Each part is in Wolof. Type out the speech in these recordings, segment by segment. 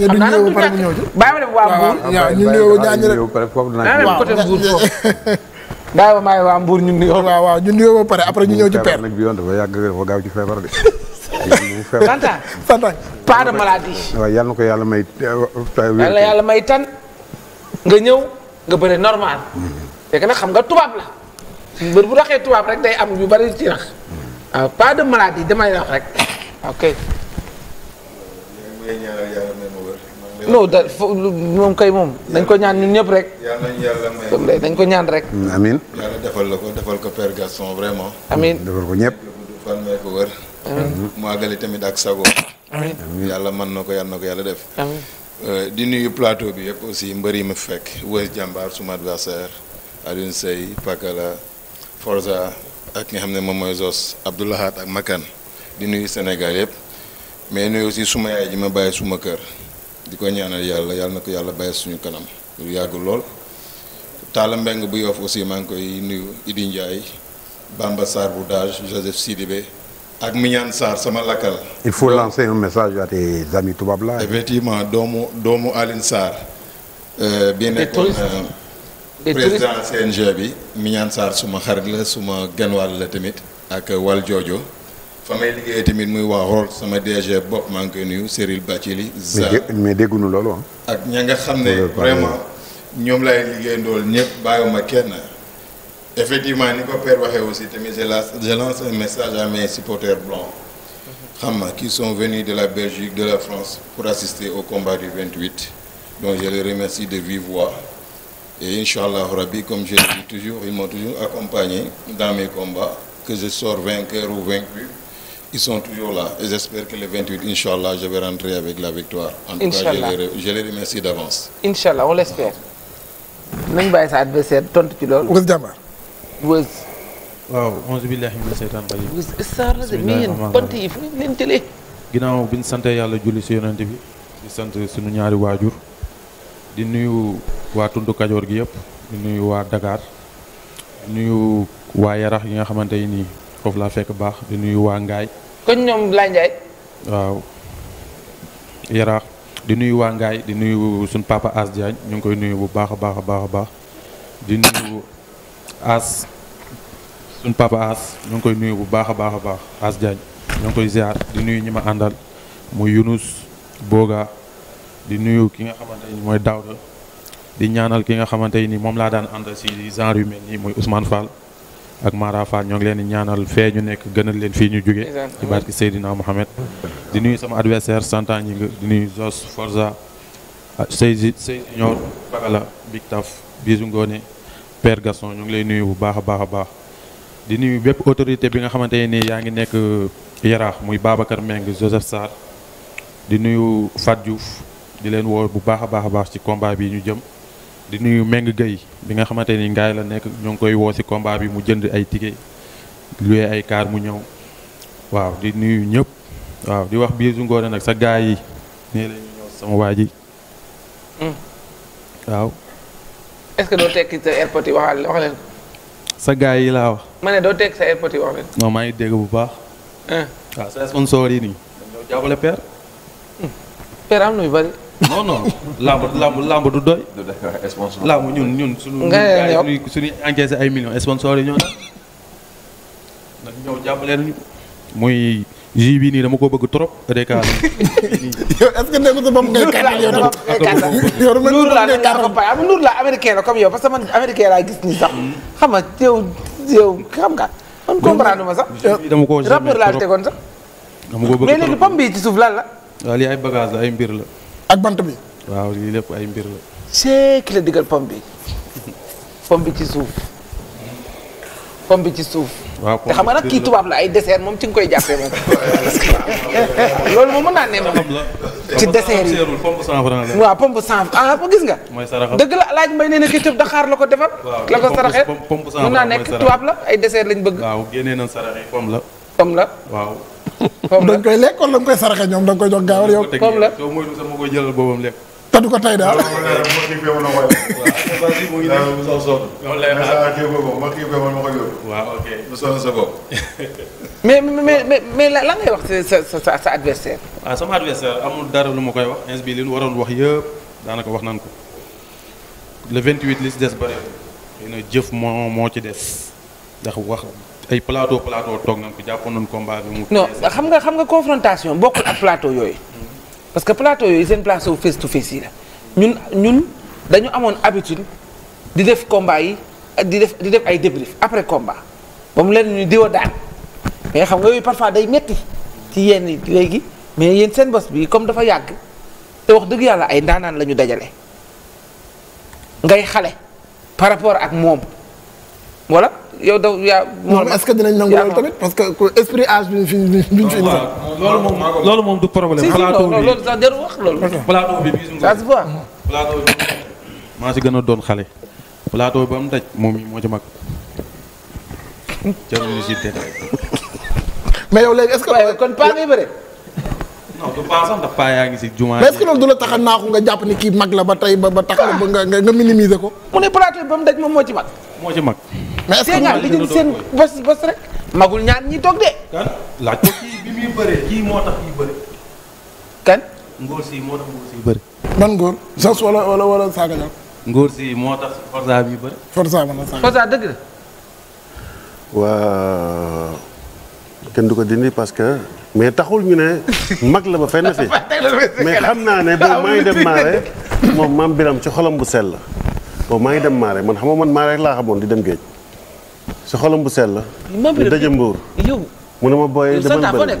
xam naa nag du ñàkk bàyyi ma dem waa Mbour. ñu nuyoo ñaañu rek waa Mbour ñu nuyoo. waaw waaw ñu nuyoo ba pare après ñu ñëw ci père. bi yoon dafa yàgg dafa gaaw ci feebar de. santaan santaan pas de maladie. waaw yal na ko yàlla may. yàlla yàlla may tan nga ñëw nga bëre normal. Mm-hmm. fekk nag xam nga tubaab la. mbër bu raxee tubaab rek day am yu bari ci rax. Mm-hmm. waaw pas de maladie damay wax rek ngay da moom kay moom. dañ ko ñaan ñun ñëpp rek. yàlla dañ ko ñaan rek. Mm, amiin. yàlla defal la ko defal ko Père Gaston vraiment. amiin defal ko ñëpp. fan mm-hmm. mu àggale tamit ak sago. yàlla mën na ko yàlla na ko yàlla def. Euh, di nuyu plateau bi yëpp aussi mbër yi ma fekk Weuz Diambar suma adversaire Alioune Seye Pakala Forza ak nga xam ne moom mooy Zos Abdoulahat ak Makan di nuyu Sénégal yëpp. mais nuyu aussi suma yaay ji ma bàyyi suma kër di ko ñaanal yàlla yàlla na ko yàlla bàyyi suñu kanam lu yàgg lool Talla Mbeng bu Yoff aussi maa ngi koy nuyu Idi Ndiaye Bamba Sarr bu Dage Joseph Sidibé ak Mignane Sarr sama lakkal. il faut lancer un message à tes amis tubaab là. effectivement doomu doomu Aline Sarr. Euh, bi nekkoon euh, président CNG bi Mignane Sarr suma xarit la suma genwàll la tamit ak wal joojo fa may liggéeye tamit muy waa sama DG bopp maa ngi koy nuyu Cyril Bathily. za mais dégguñu loolu ah. ak ña nga xam ne vraiment ñoom laay liggéeyandool ñëpp bàyyiwuma kenn. effectivement ni ko père waxee aussi tamit je la je lance un message à mes supporters xam nga qui sont venus de la Belgique de la France pour assister au combat du 28 donc je les remercie de vive voix. et incha allah rabi comme je le dis toujours ils m'ont toujours accompagné dans mes combats ils sont toujours là et j'espère que le 28 inchallah je vais la victoire sa adversaire tontu ci loolu wës jàmbaar wës waaw onze billahi mina seytaan rajim wës star ginnaaw bi ñu sante yàlla julli si yonent bi di sant suñu ñaari waajur di nuyu waa tundu kajoor gi yëpp di nuyu waa Dakar di nuyu waa yarax yi nga xamante yi nii foofu laa fekk baax di nuyu waa ngaay kon ñoom Laye Ndiaye. waaw yaraax di nuyu waa Ngaye di nuyu suñ papa As Diagne ñu ngi koy nuyu bu baax a baax a baax a baax di nuyu As suñ papa ngi koy nuyu bu baax a baax a baax As Diagne ngi koy ziar di nuyu ñi ma àndal muy Yunus Boga di nuyu ki nga xamante ni mooy Daouda di ñaanal ki nga xamante nii moom laa daan àndal si genre yu mel nii muy Ousmane Fall. ak Mara Fall ñoo ngi leen di ñaanal fee ñu nekk gënal leen fii ñu jóge ci barki Seydina Mohamed di nuyu sama adversaire santan ñi nga di nuyu Zos Forza Seydi Seydi Ñor Bagala Big Taf Bisu Ngoone Père Gaston ñu ngi lay nuyu bu baax a baax a baax di nuyu bépp autorité bi nga xamante ne yaa ngi nekk Yaraax muy Babacar Meng Joseph Sarr di nuyu Fat Diouf di leen woo bu baax a baax a baax ci combat bi ñu jëm di nuyu Meng Gueye bi nga xamante ni ngaay la nekk ñoo ngi koy woo si combat bi mu jënd ay ticket luwee ay kaar mu ñëw waaw di nuyu ñëpp waaw di wax biir su ngoone nag sa gaa yi nii la sama waa ji hmm. waaw. est que doo tekki sa airport yi waxal sa gaay yi laa wax. ma doo tekki sa airport yi wax leen. maa ngi dégg bu baax. Hmm. waaw sa sponsor yi nii. dañoo jàppale hmm. am na bari. non non làmb làmb làmb du doy. du doy sponsor làmb ñun ñun suñu. nga suñuy suñuy ay millions sponsor yi ñoo nag ñëw jàppale nañu muy. jus bii nii dama ko bëgg trop EDK la. yow est laa nekk la comme yow parce man américain laa gis nii sax. xam nga yow yow xam nga man comprendre ma sax. dama koo jamais trop rappeur laa tegoon sax. dama ko bëgg trop mais ci suuf lan la. waaw lii ay bagage la ay mbir la. ak bant bi. waaw lii lépp ay mbir la. c'est ki la digal pom bi pom bi ci suuf pom bi ci suuf. waaw te xam nga nag kii tubaab la ay dessert moom ci nga koy jàppee moom. loolu moom mën naa ne moom. ci dessert yi pompe 100 francs la. waaw pompe 100 ah ba gis nga. mooy saraxam dëgg la laaj mbay nee na ketchup Dakar la ko defal. la ko saraxee pompe 100 mën naa nekk tubaab la ay dessert lañ bëgg. waaw génnee nañ saraxee pom la. danga koy lekk wala koy saraxe ñoom danga koy jox gaawal yow. pomme la soo moytu sama koy jëlal boobam lekk. te du ko tey daal. mais mais mais lan ngay wax sa sa sa adversaire. waaw ah, sama adversaire amul dara lu ma koy wax ins bi li ñu waroon wax yëpp daanaka wax nan ko le 28 li si des bëri xëy na jëf moo moo ci des ndax wax ay plateau plateau toog nañ ko jàppoon nañ combat bi mu. non xam nga xam nga confrontation bokkul ak plateau yooyu. parce que plateau yooyu seen plateau face to face yi la. ñun ñun dañu amoon habitude di def combat yi di def di def ay débrief après combat ba mu leen ñu diwa daan mais xam nga yooyu parfois day metti ci yenn léegi mais yéen seen bos bi comme dafa yàgg te wax dëgg yàlla ay ndaanaan la ñu dajale ngay xale par rapport ak moom wala. yow daw yaa. moom est-ce que dinañ nangu loolu tamit parce que esprit âge bi ñu fi ñu fi. loolu loolu moom du problème. maa si gën a doon xale. plateau ba mu si yow léegi est yaa ngi si jumaa. tax a nga jàpp ni mag la ba tey ba ba tax la ba mu daj moom moo ci mag. moo ci mag. mais est-ce que li jël seen bës bës rek. magul ñaar ñi toog de. kan laaj man ngóor sos wala wala wala saaga ñor. ngóor si moo tax Forza bi bëri. Forza man la saaga. Forza dëgg waa kenn du ko dindi parce que. mais taxul ñu ne mag la ba fenn fi mais xam naa ne boobu maa ngi dem maare moom maam biram ci xolam bu sell boobu maa ngi dem maare man xam man maare laa xamoon di dem géej. si xolam bu sell la. moom bi daje Mbour. yow mu ne ma booyee. dama bëri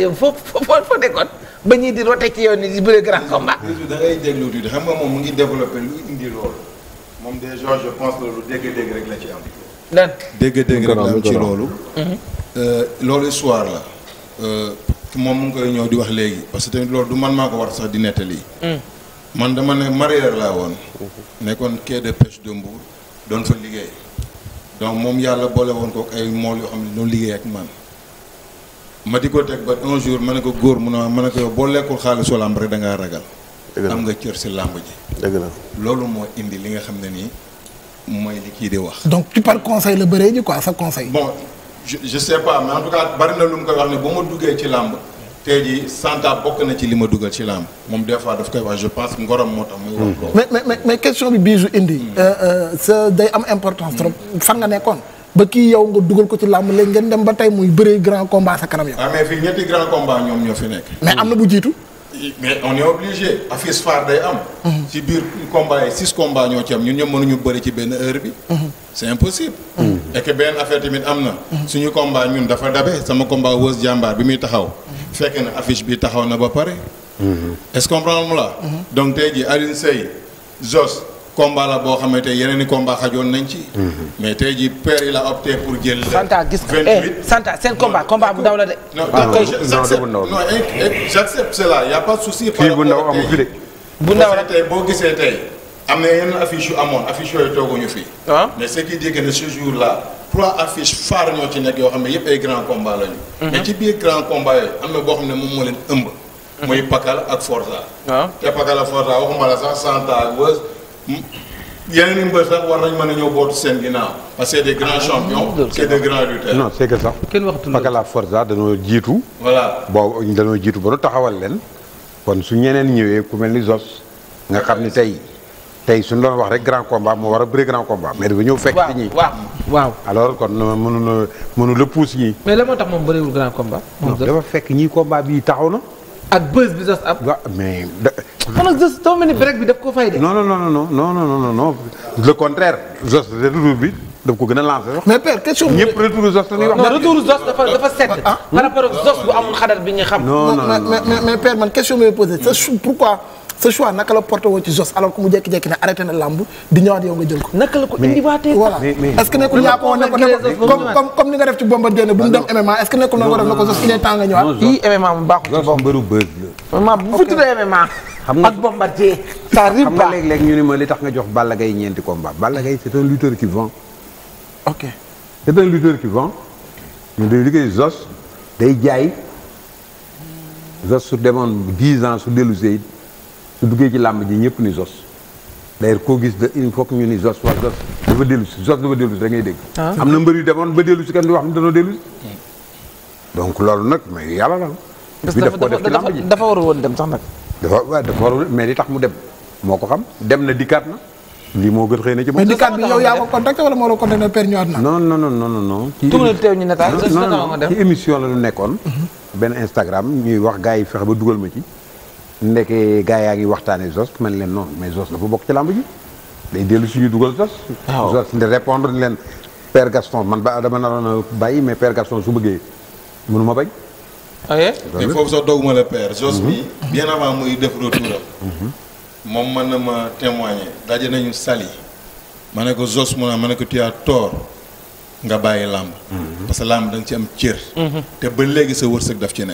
yow nekkoon. ba di rote ci yow ni di bëre grand combat. da ngay mu ngi développé lu moom déjà je pense loolu dégg la ci am. lan dégg-dégg rek la am ci loolu. Mhm. Euh, euh, mu ngi koy di wax léegi parce que tamit loolu di nettali. Mhm. man dama ne mareyeur laa woon. Mhm. nekkoon quai de pêche de Mbour. doon fa liggéey donc moom yàlla boole woon ko ay mool yoo xam ne doon liggéey ak man ma di ko teg ba un jour ma ne ko góor mu ne ma ne ko yow boo lekkul xaalisu làmb rek da ngaa ragal. am nga cër si làmb ji. dëgg la loolu moo indi li nga xam ne nii mooy li kii di wax. donc ci par conseil la bëree ji quoi sa conseil. bon je je sais pas mais en tout bari na lu mu koy wax ne bu ma duggee ci làmb. tey jii Santa bokk na ci li ma dugal ci laam moom des fois daf koy wax je pense ngorom moo tax muy wax loolu. mais mais mais question bi biisu hmm. euh, euh, fan nga nekkoon. ba kii yow nga dugal ko ci làmb léegi dem ba tey muy bëree grand combat sa kanam yow. ah mais fii ñetti grand combat ñoom ñoo fi nekk. mais jiitu. mais on est obligé affiche day am. Hmm. ci biir combat yi six combats ñoo ci am ñu ñoom mënuñu bëri ci benn heure bi. Hmm. c' est impossible. et que benn affaire tamit am na. suñu combat ñun dafa dabe sama combat wës jàmbaar bi muy taxaw. fekk na affiche bi taxaw na ba pare. Mhm. est-ce la. Mhm. donc tey jii Alioune Seye Zos combat la boo xamante yeneen i combat xajoon nañ ci. Mhm. mais tey jii père il a opté pour jël. 28 Santa gis eh Santa seen combat combat bu ndaw la de. non ah, non non j'accepte eh, eh, cela pas souci. par rapport ak bu ndaw la tey boo gisee tey am na yenn affiche yu amoon affiche yooyu tooguñu fii. Ah. mais ce qui dit ne ce jour trois affiches phares ñoo ci nekk yoo xam ne yëpp ay grand combat lañu. Mhm. mais ci biir grand combat yooyu am na boo xam ne moom moo leen ëmb. Mhm. muy Pakala ak Forza. te Pakala la sax Santa ak Weuz yeneen mbër sax war nañ mën a ñëw bootu seen ginnaaw. parce que c'est des grands ah, champions. c'est des grands lutteurs. non c'est danoo jiitu. voilà boobu danoo jiitu ba nu taxawal leen. kon su ñeneen ñëwee ku mel ni Zos. nga xam ne tey. tey suñu doon wax rek grand combat moo war a bëri grand combat. mais dafa ñëw fekk ci ñii waaw waaw. alors kon mënu mënu la pousse ñii. mais la moo tax moom bëriwul grand combat. dafa fekk ñii combat bi taxaw na. ak bës bi sax ko gën a lancé sax. mais question bi ñëpp retour Zoss la ñuy wax. non retour Zoss dafa dafa sedd. Ah, ah. par rapport ak Zoss bu amul xadar bi ñu pourquoi. sa choix naka la porté woo ci Zoss alors que mu jékki-jékki ne arrêté na làmb di ñëwaat yow nga jël ko. naka la ko indiwaatee voilà est-ce que ko comme comme ni nga def ci Bombardier bu mu dem MMA est-ce que nekkul noonu nga def na ko Zoss il est nga ñëwaat. yii MMA mu baaxul ci boppam mbëru bëgg la. MMA bu tuddee MMA. xam nga li tax nga jox Balla Gaye ñeenti combat Balla Gaye c'est un lutteur qui vend. ok c'est un lutteur qui vend. ñu day liggéey Zoss day jaay Zoss su demoon dix ans su dellusee su duggee ci làmb ji ñëpp ni Zoss d'ailleurs koo gis de il faut que ñu ni Zoss wax Zoss dafa dellu si Zoss dafa dellu si da ngay dégg ah. am na mbër yu demoon ba dellu si kenn di wax ni donc loolu nag mais yàlla la bi daf ko def ci làmb ji dafa warul woon dem sax nag dafa waaw dafa warul mais li tax mu dem moo ko xam dem na dikkaat na lii moo gën xëy na ci moom. mais dikkaat bi yow yaa ko contacté wala moo la contacté père ñëwaat na. non non non non émission ci la lu nekkoon. Mhm. benn Instagram ñuy wax gaa yi fexe ba dugal ma ci. ndeke gaa yaa ngi waxtaanee Zoss man leen noonu mais Zoss dafa bokk ci làmb ji day dellu suñu dugal Zoss. waaw Zoss ndi répondre leen Père Gaston man ba dama naroon a bàyyi mais Père Gaston su bëggee mënu ma bañ. aye mais foofu sax dooguma la Père. mi bi mhm. bien avant muy def retour mhm. moom mën na ma témoigner daje nañu Saly. ma ne ko Zoss mu ne ma ne ko tu as tort nga bàyyi làmb. Mhm. parce que làmb da ci am cër. te ba léegi sa wërsëg daf ci ne.